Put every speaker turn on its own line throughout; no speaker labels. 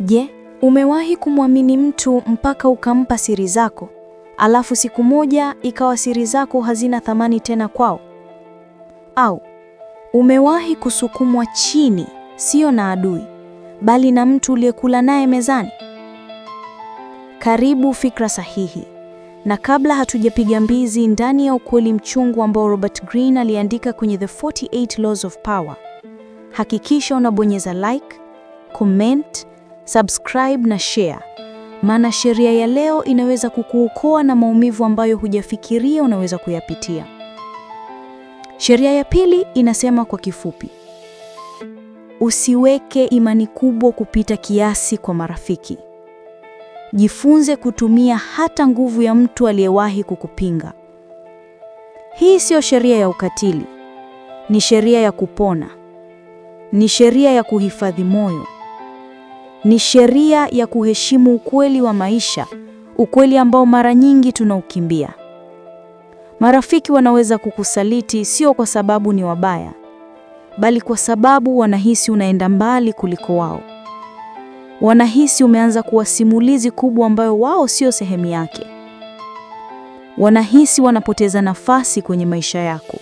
Je, umewahi kumwamini mtu mpaka ukampa siri zako, alafu siku moja ikawa siri zako hazina thamani tena kwao? Au umewahi kusukumwa chini, sio na adui, bali na mtu uliyekula naye mezani? Karibu Fikra Sahihi. Na kabla hatujapiga mbizi ndani ya ukweli mchungu ambao Robert Greene aliandika kwenye The 48 Laws of Power, hakikisha unabonyeza like, comment subscribe na share, maana sheria ya leo inaweza kukuokoa na maumivu ambayo hujafikiria unaweza kuyapitia. Sheria ya pili inasema kwa kifupi, usiweke imani kubwa kupita kiasi kwa marafiki. Jifunze kutumia hata nguvu ya mtu aliyewahi kukupinga. Hii siyo sheria ya ukatili, ni sheria ya kupona, ni sheria ya kuhifadhi moyo ni sheria ya kuheshimu ukweli wa maisha, ukweli ambao mara nyingi tunaukimbia. Marafiki wanaweza kukusaliti sio kwa sababu ni wabaya, bali kwa sababu wanahisi unaenda mbali kuliko wao. Wanahisi umeanza kuwa simulizi kubwa ambayo wao sio sehemu yake. Wanahisi wanapoteza nafasi kwenye maisha yako.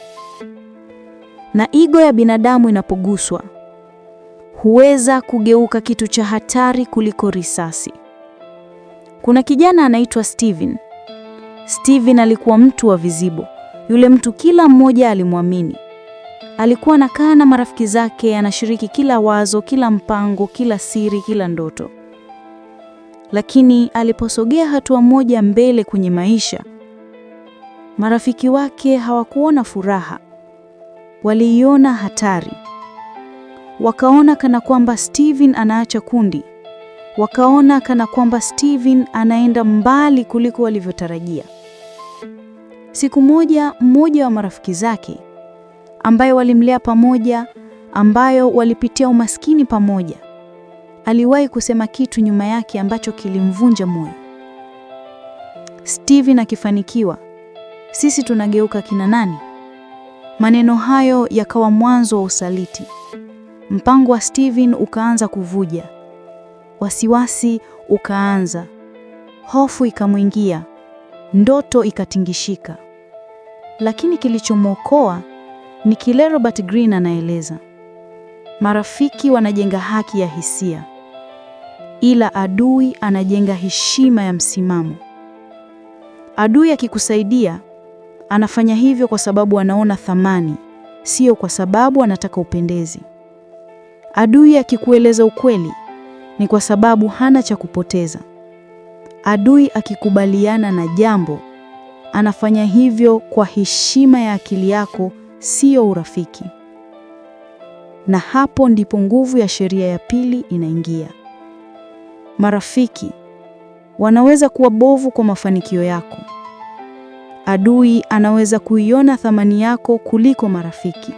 Na ego ya binadamu inapoguswa huweza kugeuka kitu cha hatari kuliko risasi. Kuna kijana anaitwa Steven. Steven alikuwa mtu wa vizibo, yule mtu kila mmoja alimwamini. Alikuwa anakaa na marafiki zake, anashiriki kila wazo, kila mpango, kila siri, kila ndoto. Lakini aliposogea hatua moja mbele kwenye maisha, marafiki wake hawakuona furaha, waliiona hatari. Wakaona kana kwamba Steven anaacha kundi, wakaona kana kwamba Steven anaenda mbali kuliko walivyotarajia. Siku moja, mmoja wa marafiki zake ambaye walimlea pamoja, ambayo walipitia umaskini pamoja, aliwahi kusema kitu nyuma yake ambacho kilimvunja moyo. Steven akifanikiwa, sisi tunageuka kina nani? Maneno hayo yakawa mwanzo wa usaliti. Mpango wa Steven ukaanza kuvuja, wasiwasi ukaanza, hofu ikamwingia, ndoto ikatingishika. Lakini kilichomwokoa ni kile Robert Greene anaeleza: marafiki wanajenga haki ya hisia, ila adui anajenga heshima ya msimamo. Adui akikusaidia anafanya hivyo kwa sababu anaona thamani, sio kwa sababu anataka upendezi. Adui akikueleza ukweli ni kwa sababu hana cha kupoteza. Adui akikubaliana na jambo, anafanya hivyo kwa heshima ya akili yako, siyo urafiki. Na hapo ndipo nguvu ya sheria ya pili inaingia. Marafiki wanaweza kuwa bovu kwa mafanikio yako. Adui anaweza kuiona thamani yako kuliko marafiki.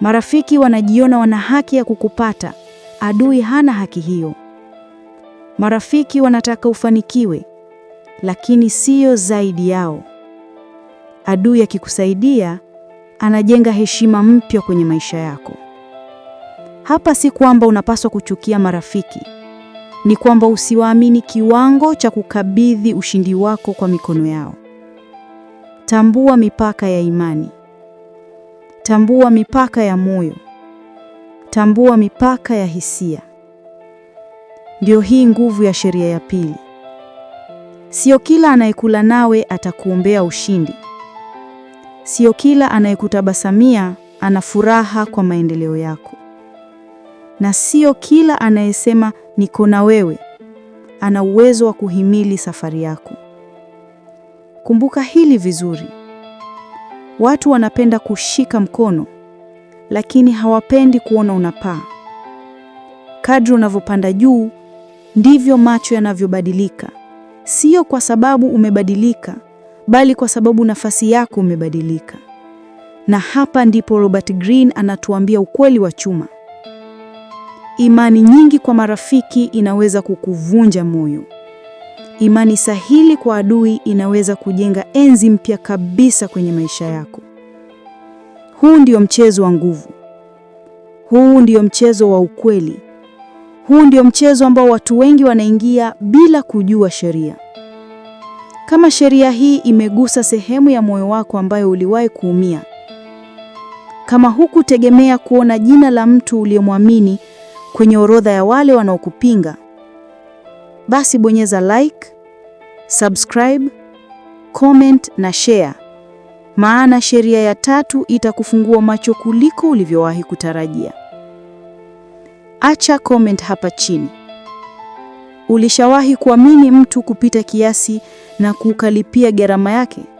Marafiki wanajiona wana haki ya kukupata, adui hana haki hiyo. Marafiki wanataka ufanikiwe, lakini siyo zaidi yao. Adui akikusaidia, anajenga heshima mpya kwenye maisha yako. Hapa si kwamba unapaswa kuchukia marafiki, ni kwamba usiwaamini kiwango cha kukabidhi ushindi wako kwa mikono yao. Tambua mipaka ya imani. Tambua mipaka ya moyo, tambua mipaka ya hisia. Ndiyo hii nguvu ya sheria ya pili. Sio kila anayekula nawe atakuombea ushindi. Sio kila anayekutabasamia ana furaha kwa maendeleo yako, na sio kila anayesema niko na wewe ana uwezo wa kuhimili safari yako. Kumbuka hili vizuri. Watu wanapenda kushika mkono, lakini hawapendi kuona unapaa. Kadri unavyopanda juu, ndivyo macho yanavyobadilika, sio kwa sababu umebadilika, bali kwa sababu nafasi yako umebadilika. Na hapa ndipo Robert Greene anatuambia ukweli wa chuma. Imani nyingi kwa marafiki inaweza kukuvunja moyo. Imani sahili kwa adui inaweza kujenga enzi mpya kabisa kwenye maisha yako. Huu ndio mchezo wa nguvu. Huu ndio mchezo wa ukweli. Huu ndio mchezo ambao watu wengi wanaingia bila kujua sheria. Kama sheria hii imegusa sehemu ya moyo wako ambayo uliwahi kuumia, kama hukutegemea kuona jina la mtu uliyemwamini kwenye orodha ya wale wanaokupinga, basi bonyeza like, subscribe, comment na share, maana sheria ya tatu itakufungua macho kuliko ulivyowahi kutarajia. Acha comment hapa chini. Ulishawahi kuamini mtu kupita kiasi na kukalipia gharama yake?